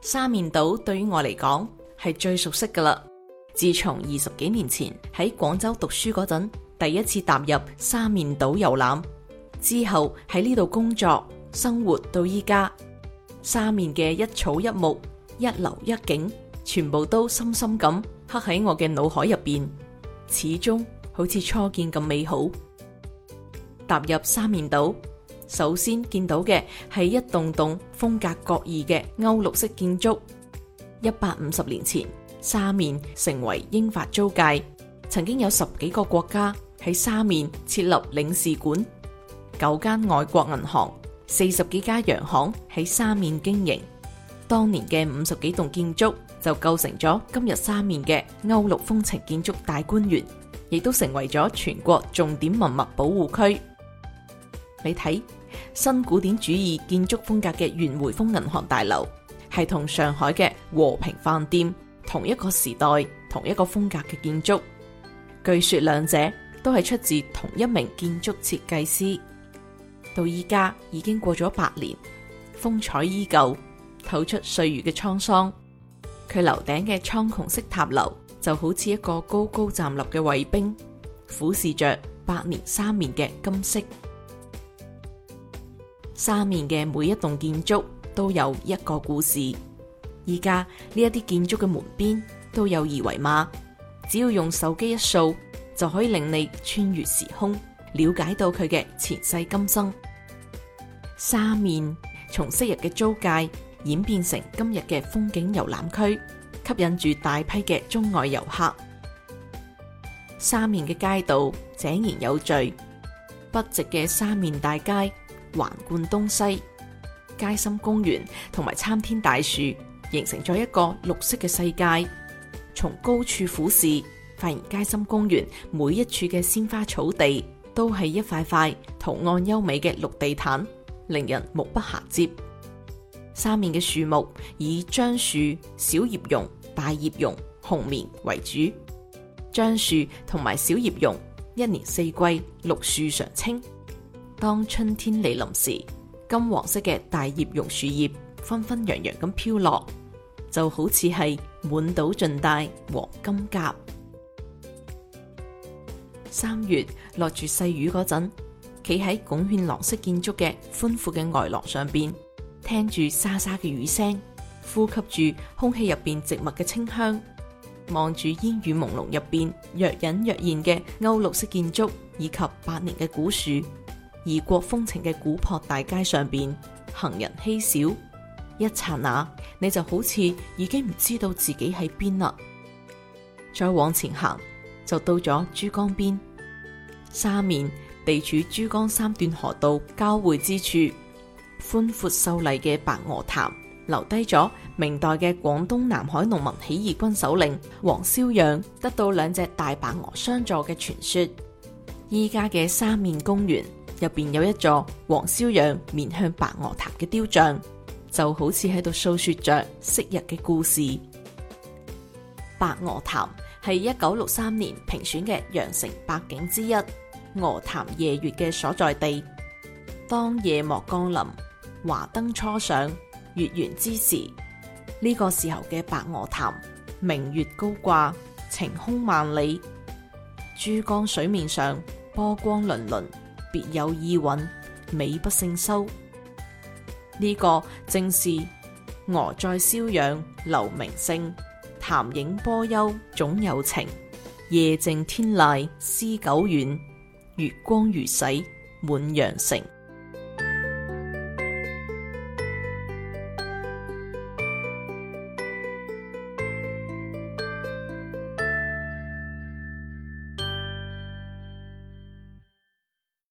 沙面島對於我嚟講係最熟悉㗎喇。自從二十幾年前喺廣州讀書嗰陣，第一次踏入沙面島遊覽之後，喺呢度工作、生活到依家，沙面嘅一草一木、一樓一景，全部都深深咁刻喺我嘅腦海入邊，始終好似初見咁美好。踏入沙面島。首先見到嘅係一棟棟風格各異嘅歐陸式建築。一百五十年前，沙面成為英法租界，曾經有十幾個國家喺沙面設立領事館，九間外國銀行、四十幾家洋行喺沙面經營。當年嘅五十幾棟建築就構成咗今日沙面嘅歐陸風情建築大觀園，亦都成為咗全國重點文物保護區。你睇，新古典主義建築風格嘅原匯豐銀行大樓，係同上海嘅和平飯店同一個時代、同一個風格嘅建築。據說兩者都係出自同一名建築設計師。到依家已經過咗百年，風采依舊，透出歲月嘅滄桑。佢樓頂嘅蒼穹式塔樓就好似一個高高站立嘅衛兵，俯視着百年沙面嘅今昔。沙面嘅每一棟建築都有一個故事。依家呢一啲建築嘅門邊都有二維碼，只要用手機一掃，就可以令你穿越時空，了解到佢嘅前世今生。沙面從昔日嘅租界演變成今日嘅風景遊覽區，吸引住大批嘅中外遊客。沙面嘅街道井然有序，筆直嘅沙面大街，橫貫東西，街心公園同埋參天大樹形成咗一個綠色嘅世界。從高處俯視，發現街心公園每一處嘅鮮花草地都係一塊塊圖案優美嘅綠地毯，令人目不暇接。沙面嘅樹木以樟樹、小葉榕、大葉榕、紅棉為主，樟樹同埋小葉榕一年四季綠樹常青。當春天嚟臨時，金黃色嘅大葉榕樹葉紛紛揚揚咁飄落，就好似係滿島盡帶黃金甲。三月落住細雨嗰陣，企喺拱券廊式建築嘅寬闊嘅外廊上邊，聽住沙沙嘅雨聲，呼吸住空氣入邊植物嘅清香，望住煙雨朦朧入邊若隱若現嘅歐陸式建築以及百年嘅古樹。異國風情嘅古樸大街上邊，行人稀少。一剎那，你就好似已經唔知道自己喺邊啦。再往前行，就到咗珠江邊，沙面地處珠江三段河道交匯之處，寬闊秀麗嘅白鵝潭留低咗明代嘅廣東南海農民起義軍首領黃蕭養得到兩隻大白鵝相助嘅傳說。依家嘅沙面公園。入邊有一座黃蕭養面向白鵝潭嘅雕像，就好似喺度訴說着昔日嘅故事。白鵝潭係一九六三年評選嘅羊城八景之一，鵝潭夜月嘅所在地。當夜幕降臨，華燈初上，月圓之時，呢、這個時候嘅白鵝潭，明月高掛，晴空萬里，珠江水面上波光粼粼。別有意韻，美不勝收。呢、這個正是鵝載蕭養留名勝，潭影波幽總有情。夜靜天籟思久遠，月光如洗滿羊城。